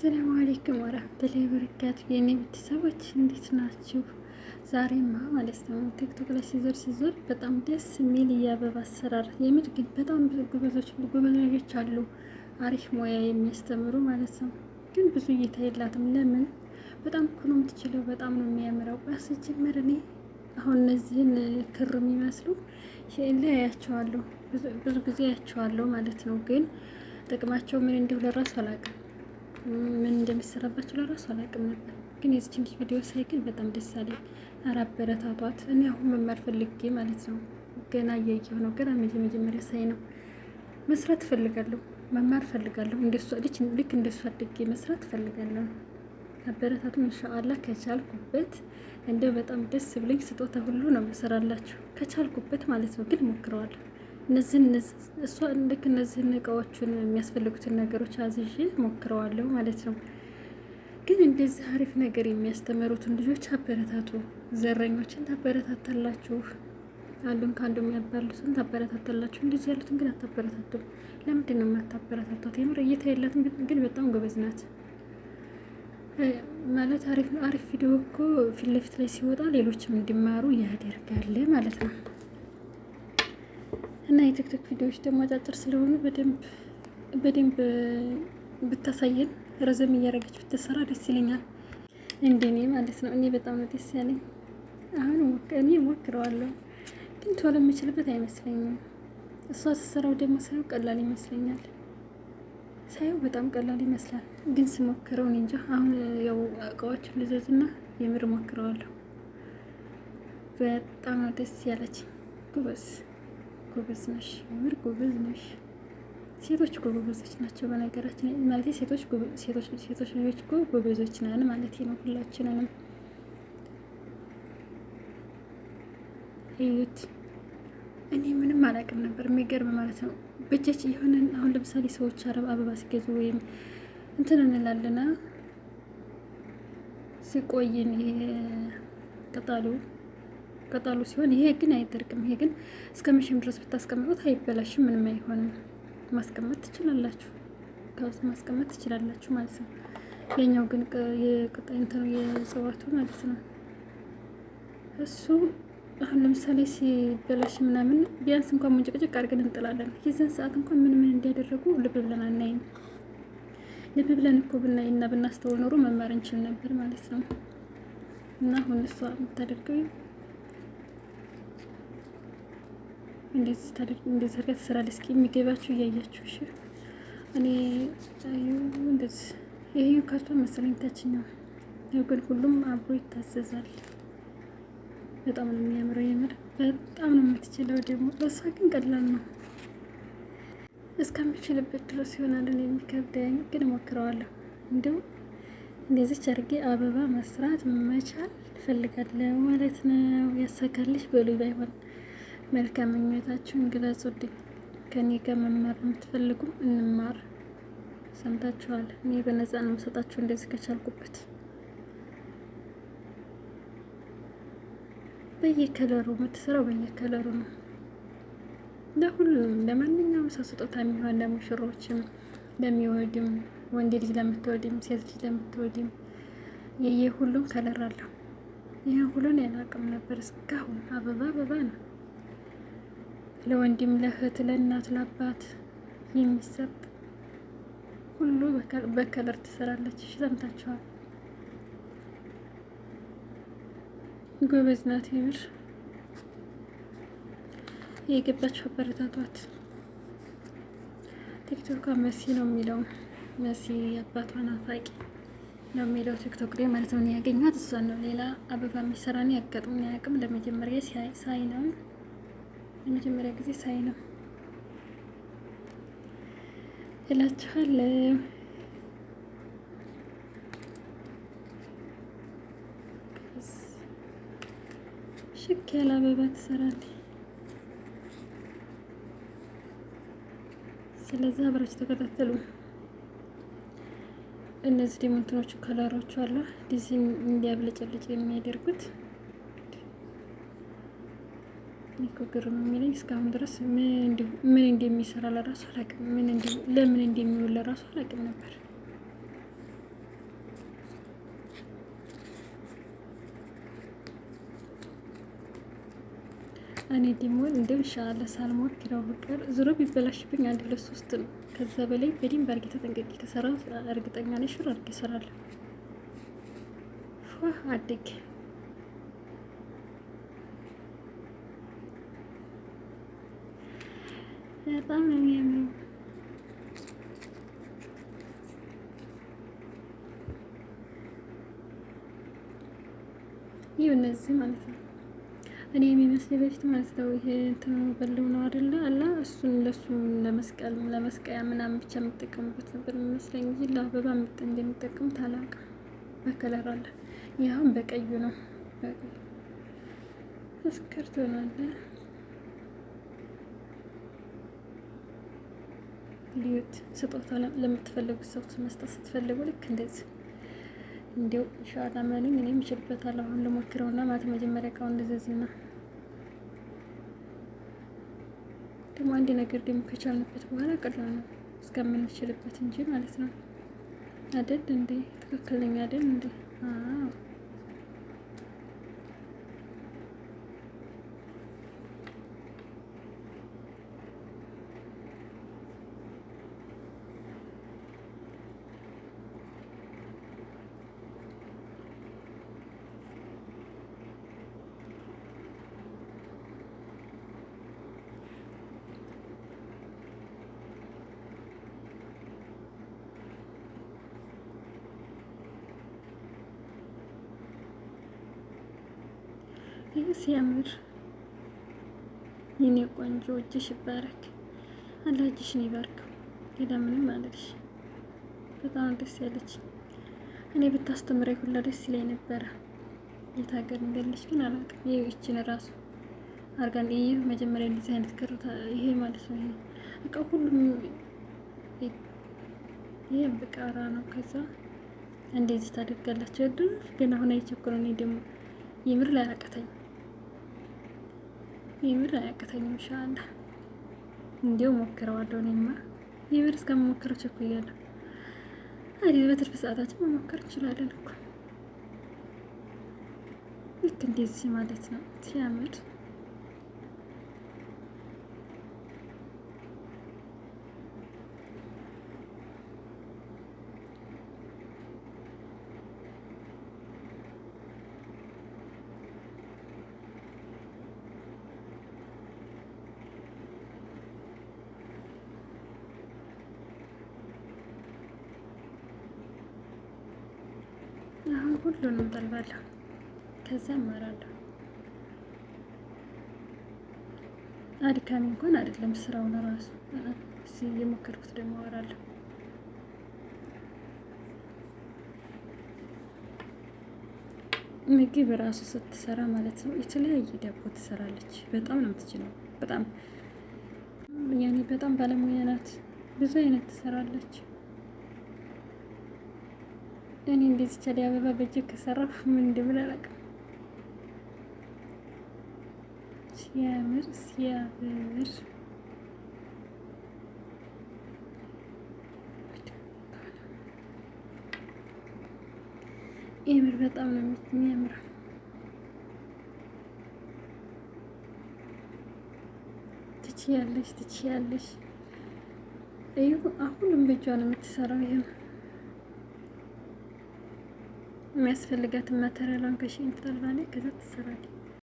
አሰላሙ አሌይኩም ወራህመቱላሂ ወበረካቱ የእኔ ቤተሰቦች እንዴት ናችሁ? ዛሬማ ማለት ነው ቲክቶክ ላይ ሲዞር ሲዞር በጣም ደስ የሚል የአበባ አሰራር የሚል ግን በጣም ብዙ ጎበዞች ጎበዞች አሉ፣ አሪፍ ሙያ የሚያስተምሩ ማለት ነው። ግን ብዙ እይታ የላትም። ለምን? በጣም እኮ ነው የምትችለው፣ በጣም ነው የሚያምረው። ሲጀመር እኔ አሁን እነዚህን ክር የሚመስሉ ላይ አያቸዋለሁ፣ ብዙ ጊዜ አያቸዋለሁ ማለት ነው። ግን ጥቅማቸው ምን እንደሆነ ለራሱ አላውቅም። ምን እንደሚሰራባቸው ለራሱ አላውቅም ነበር፣ ግን የዚችን ልጅ ቪዲዮ ሳይ ግን በጣም ደስ አለኝ። ኧረ አበረታቷት። እኔ አሁን መማር ፈልጌ ማለት ነው ገና እያየሁ ነው። ገና መጀመሪያ ሳይ ነው መስራት እፈልጋለሁ፣ መማር እፈልጋለሁ። እንደሷ ልጅ ልክ እንደሷ አድጌ መስራት እፈልጋለሁ። አበረታቱ እንሻአላ ከቻልኩበት እንደው በጣም ደስ ብለኝ ስጦታ ሁሉ ነው መሰራላችሁ ከቻልኩበት ማለት ነው። ግን ሞክረዋለሁ እነዚህ እሷ ልክ እነዚህን እቃዎቹን የሚያስፈልጉትን ነገሮች አዝዤ ሞክረዋለሁ ማለት ነው። ግን እንደዚህ አሪፍ ነገር የሚያስተምሩትን ልጆች አበረታቱ። ዘረኞችን ታበረታታላችሁ፣ አንዱን ከአንዱ የሚያባሉትን ታበረታታላችሁ። እንደዚህ ያሉትን ግን አታበረታቱም። ለምንድን ነው የማታበረታቷት? የምር እይታ የላትም፣ ግን በጣም ጎበዝ ናት ማለት አሪፍ አሪፍ ቪዲዮ እኮ ፊት ለፊት ላይ ሲወጣ ሌሎችም እንዲማሩ ያደርጋል ማለት ነው። እና የቲክቶክ ቪዲዮዎች ደግሞ አጫጭር ስለሆኑ በደንብ በደንብ ብታሳየን ረዘም እያደረገች ብትሰራ ደስ ይለኛል። እንደኔ ማለት ነው። እኔ በጣም ደስ ያለኝ አሁን እኔ ሞክረዋለሁ፣ ግን ቶሎ የምችልበት አይመስለኝም። እሷ ስትሰራው ደግሞ ሳየው ቀላል ይመስለኛል። ሳየው በጣም ቀላል ይመስላል፣ ግን ስሞክረው እኔ እንጃ። አሁን ያው እቃዎችን ልዘዝና የምር ሞክረዋለሁ። በጣም ደስ ያለች ጎበዝ ጎበዝ ነሽ፣ ጎበዝ ነሽ። ሴቶች እኮ ጎበዞች ናቸው። በነገራችን ማለት ሴቶች ልጆች እኮ ጎበዞች ነን ማለት ነው። ሁላችንንም እዩት። እኔ ምንም አላውቅም ነበር፣ የሚገርም ማለት ነው። የሆነን አሁን ለምሳሌ ሰዎች አረብ አበባ ሲገዙ ወይም እንትን እንላለና ሲቆይን ቅጠሉ ቅጠሉ ሲሆን ይሄ ግን አይደርቅም። ይሄ ግን እስከ መቼም ድረስ ብታስቀምጡት አይበላሽም፣ ምንም አይሆንም። ማስቀመጥ ትችላላችሁ፣ ከውስጥ ማስቀመጥ ትችላላችሁ ማለት ነው። የኛው ግን የቅጠይንተው የእጽዋቱ ማለት ነው እሱ አሁን ለምሳሌ ሲበላሽ ምናምን ቢያንስ እንኳን ሙንጭቅጭቅ አድርገን እንጥላለን። የዚያን ሰዓት እንኳን ምን ምን እንዲያደረጉ ልብ ብለን አናይም። ልብ ብለን እኮ ብናይና ብናስተውል ኖሮ መማር እንችል ነበር ማለት ነው። እና አሁን እሷ የምታደርገው እንደዚህ አድርጋ ትሰራለች። እስኪ የሚገባችሁ እያያችሁ እሺ። እኔ እንደዚህ ይህ ካርቶን መሰለኝ ታችኛው ነው፣ ግን ሁሉም አብሮ ይታዘዛል። በጣም ነው የሚያምረው። የምር በጣም ነው የምትችለው። ደግሞ ለእሷ ግን ቀላል ነው። እስከምችልበት ድረስ ይሆናል የሚከብደኝ፣ ግን እሞክረዋለሁ። እንዲሁም እንደዚች አድርጌ አበባ መስራት መቻል እፈልጋለሁ ማለት ነው። ያሳካልሽ በሉ ይባይሆን መልካም ምኞታችሁን ግለጹልኝ። ከኔ ጋር መማር የምትፈልጉ እንማር። ሰምታችኋል። እኔ በነፃ ነው የምሰጣችሁ እንደዚህ ከቻልኩበት። በየከለሩ የምትሰራው በየከለሩ ነው። ለሁሉም ለማንኛውም ሰው ስጦታ የሚሆን ለሙሽሮችም፣ ለሚወድም፣ ወንድ ልጅ ለምትወድም፣ ሴት ልጅ ለምትወድም የየሁሉም ከለር አለው። ይህን ሁሉን ያላቅም ነበር እስካሁን። አበባ አበባ ነው። ለወንድም፣ ለእህት፣ ለእናት፣ ለአባት የሚሰጥ ሁሉ በከለር ትሰራለች። ሰምታችኋል። ጎበዝ ናት። የምር የገባችሁ አበረታቷት። ቲክቶክ መሲ ነው የሚለው መሲ አባቷን አፋቂ ነው የሚለው ቲክቶክ ላይ ማለት ነው። ያገኘኋት እሷን ነው። ሌላ አበባ የሚሰራ ነው ያጋጥሙን ያቅም ለመጀመሪያ ሳይ ነው የመጀመሪያ ጊዜ ሳይ ነው እላችኋለሁ። ሽክ ያለ አበባ ትሰራለች። ስለዚህ አብራችሁ ተከታተሉ። እነዚህ ዲሞንትኖቹ ከለሮቹ አሉ ዲዚን እንዲያብለጨልጭ የሚያደርጉት እኮ ግርም የሚለኝ እስካሁን ድረስ ምን እንደሚሰራ ለራሱ አላውቅም። ለምን እንደሚውል ለራሱ አላውቅም ነበር። እኔ ደግሞ እንደው ኢንሻላህ ሳልሞክረው ብቀር ዞሮ ቢበላሽብኝ አንድ ሁለት ሶስት ነው። ከዛ በላይ በደንብ አድርጌ ተጠንቀቂ ከሰራሁት እርግጠኛ ነሽ ሹር አድርጌ እሰራለሁ። ፏ አድግ በጣም ነው የሚያምሩ። ይህ እነዚህ ማለት ነው እኔ በፊት ማለት ነው ይሄ እንትኑ በለው ነው አይደለ እሱን ለሱ ለመስቀል ለመስቀያ ምናምን ብቻ የምጠቀሙበት ነበር የሚመስለኝ እንጂ ለአበባ በከለር አለ። በቀዩ ነው። ሆናለ ልዩት ስጦታ ለምትፈልጉ ሰው መስጠት ስትፈልጉ ልክ እንደዚህ እንዲው ሸዋታ መኑኝ እኔ እችልበታለሁ። አሁን ልሞክረውና ማለት መጀመሪያ እቃው እንደዘዝና ደግሞ አንድ ነገር ደግሞ ከቻልንበት በኋላ ቀላል ነው እስከምንችልበት እንጂ ማለት ነው። አደል እንዴ? ትክክለኛ አደል እንዴ? አዎ ሲያምር የኔ ቆንጆ እጅሽ ይባረክ፣ አላህ እጅሽን ይባርከው። ሌላ ምንም አለሽ። በጣም ደስ ያለች። እኔ ብታስተምረኝ ሁላ ደስ ይለኝ ነበረ። የት ሀገር እንዳለች ግን አላውቅም። ይህ እችን ራሱ አርጋን ይህ መጀመሪያ እንደዚህ አይነት ክር ይሄ ማለት ነው። ይሄ እቃ ሁሉም ይሄ ብቃራ ነው። ከዛ እንደዚህ ታደርጋላቸው ድርፍ ግን አሁን አይቸኩረኝ ደግሞ የምር ላይ አቀተኝ የምር አያቅተኝም። ኢንሻአላህ እንዲሁ ሞክረዋለሁ። እኔማ የምር እስከምሞክረው ቸኩያለሁ። አዲስ በትርፍ ሰዓታችን መሞከር እንችላለን እኮ ልክ እንደዚህ ማለት ነው ሲያምር አሁን ሁሉንም ጠልባለሁ፣ ከዛ እማራለሁ። አድካሚ እንኳን አይደለም ስራውን ራሱ እየሞከርኩት ደግሞ እወራለሁ። ምግብ ራሱ ስትሰራ ማለት ነው የተለያየ ዳቦ ትሰራለች። በጣም ነው የምትችለው። በጣም ያኔ በጣም ባለሙያ ናት። ብዙ አይነት ትሰራለች። እኔ እንዴት ይቻል አበባ በእጄ ከሰራ ምን እንደምን አላውቅም። ሲያምር ሲያምር የምር በጣም ነው የሚያምረው። ትችያለሽ ትችያለሽ። እዩ አሁንም በእጇ ነው የምትሰራው ይሄ የሚያስፈልጋትን ማቴሪያሏን ከሽን ትጠልባለች፣ ከዛ ትሰራለች።